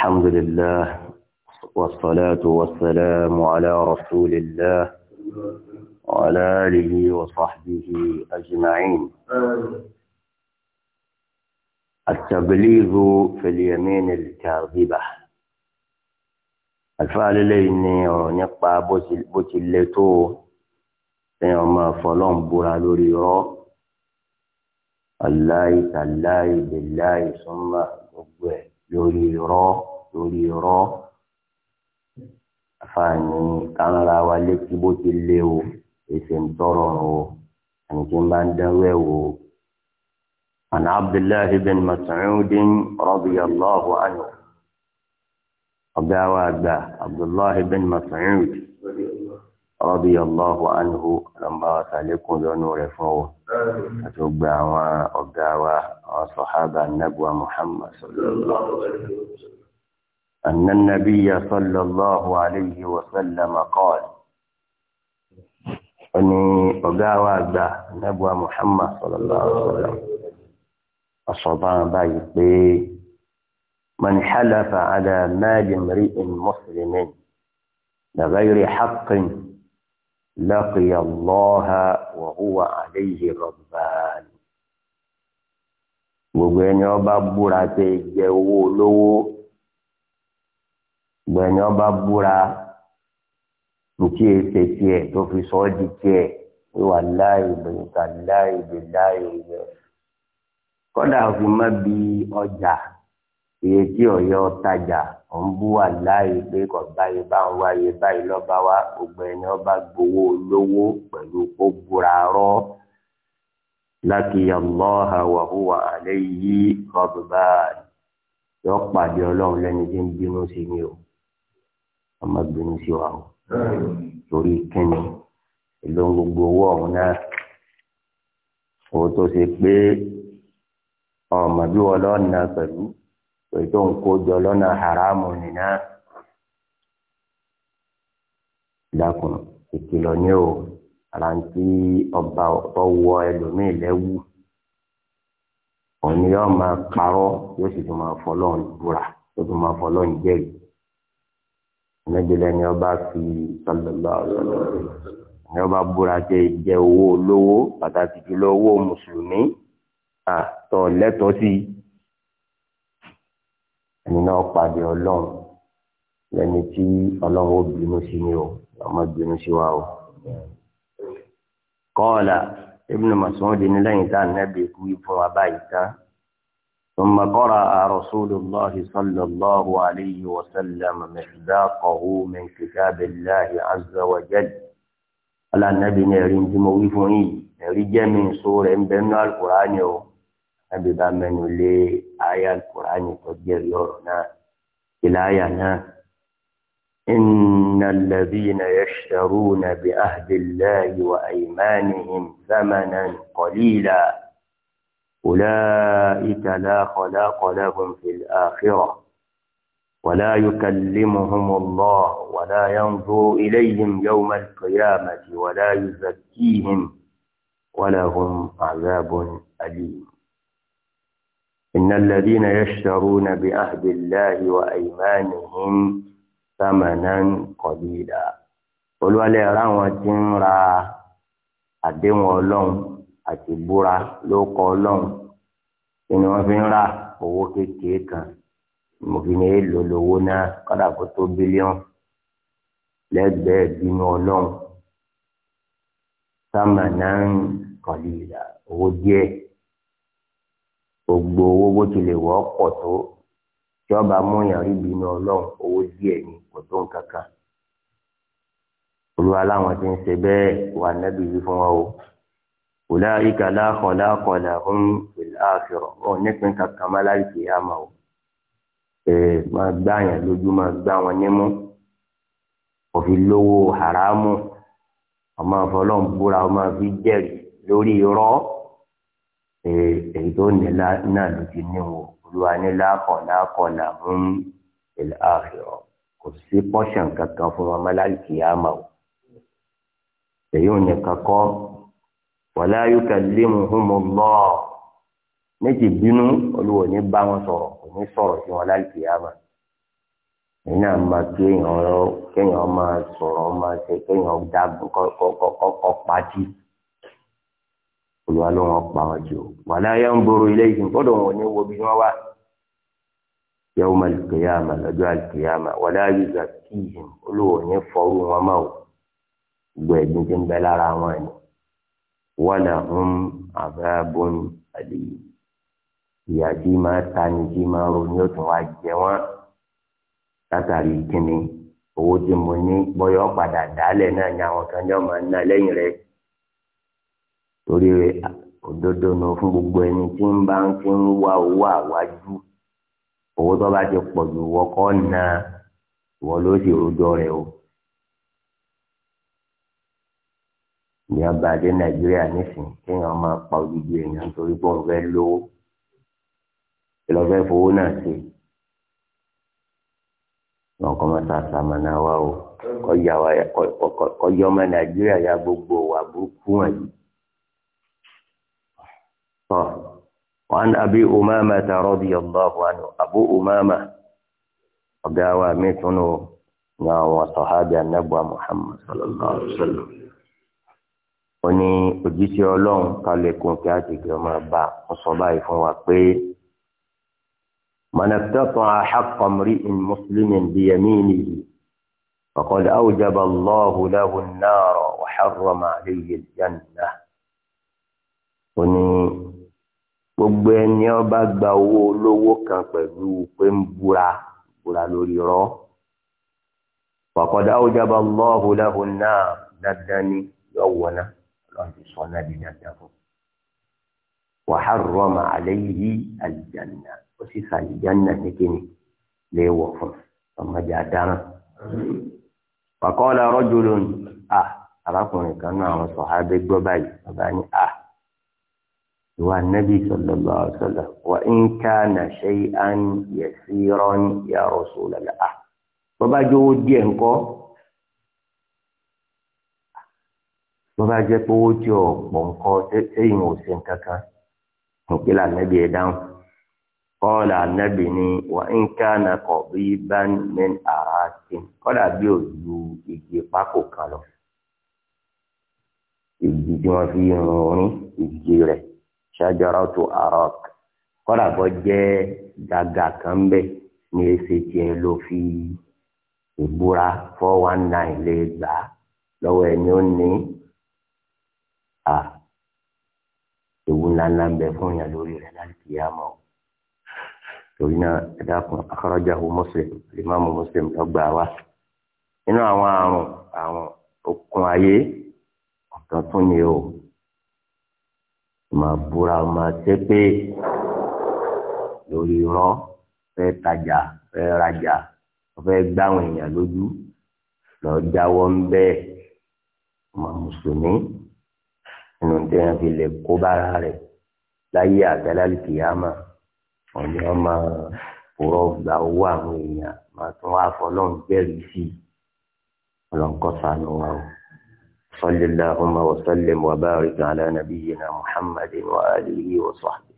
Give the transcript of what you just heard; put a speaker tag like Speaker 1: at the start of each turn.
Speaker 1: الحمد لله والصلاة والسلام على رسول الله وعلى آله وصحبه أجمعين التبليغ في اليمين الكاذبة الفعل لين نقطع بوتي الليتو يوم فلان برا لوري الله تلاي بالله ثم لوري رو lórí irọ́ àfààní kánra wa létí bó ti lé o èsì ń tọrọ o àní tí ń bá ń dánwẹ́ o. عن عبد الله بن مسعود رضي الله عنه أبا وأبا عبد الله بن مسعود رضي الله عنه لما سألكم ذنور فوق أتوب عن وصحابة النبوة محمد صلى الله عليه وسلم أن النبي صلى الله عليه وسلم قال أني أقاوى أبا نبوى محمد صلى الله عليه وسلم الشيطان بايت من حلف على مال امرئ مسلم بغير حق لقي الله وهو عليه غضبان gbogbo ẹni ọba búra tẹ gbẹ̀ni ọba búra ntí èsè tiẹ̀ tó fi sọ ọ́ di tiẹ̀ wíwà láì bẹ̀rùkà láì bẹ̀ láì bẹ̀. kọ́dà òfin má bi ọjà iye tí ọ̀yọ́ tajà òun bú wà láì pé kò báyìí bá ń wáyé báyìí lọ́ba wá gbogbo ẹni ọba gbowó olówó pẹ̀lú kó búra rọ́ lákìyà lọ́ha wàhùwà àlẹ́ yìí rọ́bùbá yọ pàdé ọlọ́run lẹ́ni tí ń bínú sí ni o ọmọ bínú sí wa o torí kíni èlò gbogbo owó ọ̀hún náà owó tó ṣe pé ọmọ bí wọn lọ́nà pẹ̀lú èyí tó ń kó jọ lọ́nà haramu nìyà dákun ìkìlọ̀ ní o àrántí ọba ọwọ́ ẹlòmíì lẹ́wù òun ni yóò máa parọ́ yóò sì tún máa fọlọ́run búra yóò tún máa fọlọ́run jẹ́rìí ẹnẹgbẹlẹ ni ọba fi sọlọlọ ọsọlọ ni ọba búra jẹ jẹ owó olówó pàtàkì jùlọ owó mùsùlùmí àtọ lẹ́tọ̀ọ́ sí ẹni náà pàdé Ọlọ́run lẹni tí Ọlọ́run ó bínú sí ni o ọmọ bínú sí wa o kọ́ọ̀là Ibn Mas'ud ní lẹ́yìn tá a nẹ́bi kú fún wa báyìí tán. ثم قرأ رسول الله صلى الله عليه وسلم مصداقه من كتاب الله عز وجل على النبي نرين جموي فوني من سورة بين القرآن نبي بامن لي آية القرآن تجير يورنا إلى آيانا إن الذين يشترون بأهد الله وأيمانهم ثمنا قليلا أولئك لا خلاق لهم في الآخرة ولا يكلمهم الله ولا ينظر إليهم يوم القيامة ولا يزكيهم ولهم عذاب أليم إن الذين يشترون بعهد الله وأيمانهم ثمنا قليلا قلوا لي رانوة را أدين ولون àti búra ló kọ ọlọ́run kí ni wọ́n fi ń ra owó kékeré kan mo fi ní èlò lówó náà kọ́dà kó tó bílíọ̀n lẹ́gbẹ̀ẹ́ bínú ọlọ́run sáàmà náà ń kọ̀lì ìlà owó díẹ̀ gbogbo owó bó tilẹ̀ wọ́ pọ̀ tó tí múyàn rí bínú ọlọ́run owó díẹ̀ ni kò tó nǹkan kan olúwa láwọn ti ń ṣe bẹ́ẹ̀ wà nẹ́bí yìí fún wọn o ulaika la khalaqa lahum fil akhirah ọ̀ nípìn kankan má láì fi àmà o máa gbá yẹn lójú máa gbá wọn nímú òfin lówó haramu ọmọ àfọlọ́n búra ọmọ fi jẹ́rìí lórí irọ́ èyí tó nílá náà ló ti níwò olúwa nílá kọ̀ọ̀lá kọ̀ọ̀lá fún ìlàáfíà kò sí pọ́ṣàn kankan fún ọmọ láìkí àmà o èyí ò ní kankan wàlá yukallimuhumullah méjì bínú olúwo ní bá wọn sọ̀rọ̀ kò ní sọ̀rọ̀ sí wọn láì kìyàmà nínú àmà kí èèyàn lọ kéèyàn máa sọ̀rọ̀ máa ṣe kéèyàn dágun kọ́kọ́ pàtì olúwa ló wọn pa wọn jù wàlá yanzuru ilayhim gbọ́dọ̀ wọn ní wo bí wọ́n wà yawma al-qiyamah lọ́jọ́ al-qiyamah wàlá yuzakkihim olúwo ní fọ́ọ̀rù wọn máa wò gbogbo tí ń bẹ lára wọn ni. walahum adhabun alim ìyá tí máa ta ni tí máa ronú ó tún wá jẹ wọn látàrí kíni owó tí mo ní bọ́yọ̀ padà dálẹ̀ náà ni àwọn kan jọ máa ná lẹ́yìn rẹ̀ torí òdodo nù gbogbo ẹni tí ń bá ń fi ń ti pọ̀ jù wọ́kọ́ na ìwọ ló sì o. ìyá bá dé nàìjíríà nísìn kéèyàn máa pa odidi èèyàn nítorí pé òun fẹ́ lówó kí lọ́ọ́ fẹ́ fowó náà ṣe wọn kọ́ máa sàṣàmà náà wá o kọjá ọmọ nàìjíríà ya gbogbo wà burúkú wọ̀nyí. وعن أبي أمامة رضي الله عنه أبو أمامة ọ̀gá wa mẹ́tọ́nù ní àwọn محمد صلى الله عليه وسلم wọ́n ní òjíṣẹ́ ọlọ́run kálẹ̀kùn kí á ti kí ọmọ bá wọn sọ báyìí fún wa pé mọ̀nàfẹ́tàn àhàkọ́mrí in mùsùlùmí bí ẹ̀mí nìyí فقد أوجب الله له النار وحرم عليه الجنة ó ní gbogbo ẹni ọba gba owó olówó kan pẹ̀lú pé ń búra búra lórí rọ فقد أوجب الله له النار dandan ni yọ̀wọ̀ náà ọlọ́run ti sọ náà di dandan fún. wa harrama alayhi aljanna ó sì fa aljanna ní kíni lè wọ̀ fún ọmọdé adarán. wa qala rajulun à arákùnrin kan náà àwọn sọ̀hábẹ́ gbọ́ báyìí bàbá ní à ìwà nabi sallallahu alaihi wasallam wa in kana shay'an yasiran ya rasulallah bọ́bá jówó díẹ̀ ńkọ́. tó bá jẹ́ pé owó tí ò pọ̀ nǹkan sẹ́yìn ò ṣe nǹkan kan òkè lànàbì ẹ̀ dáhùn kọ́ọ̀lá ànàbì ni wà ń ká nàkọ̀ bí bánmẹ́n ara ṣe kọ́dà bí ò ju igi pákó kan lọ igi tí wọ́n fi rún orin igi rẹ̀ ṣáájára tó arọ́k kọ́dà bọ́ jẹ́ gàgà kan bẹ́ẹ̀ ní ẹsẹ̀ tiẹ̀ ló fi ìbúra four one nine lè gbà lọ́wọ́ ẹ̀ ní ó ní à ewu ńláńlá ń bẹ fún yàn lórí rẹ̀ láti kì í àmọ́ torí náà ẹ dákun akhrajahu Muslim Imam Muslim lọ́gbà wa nínú àwọn àrùn àrùn okun ayé ọ̀tàn tún ni o máa búra máa ṣépè lórí irọ́ fẹ́ tajà fẹ́ rajà fẹ́ gbáwọn èèyàn lójú lọ́ọ́ jáwọ́ ń bẹ́ẹ̀ ọmọ mùsùlùmí inú tí wọn fi lè kó bára rẹ̀ láyé àtàlálì kìyàmà òní ọmọ òrò gba owó àwọn èèyàn máa tún wá fọlọ́n jẹ́rìí sí i ọlọ́nkọ́sá ló wà o. صلى اللهم وسلم وبارك على نبينا محمد وآله وصحبه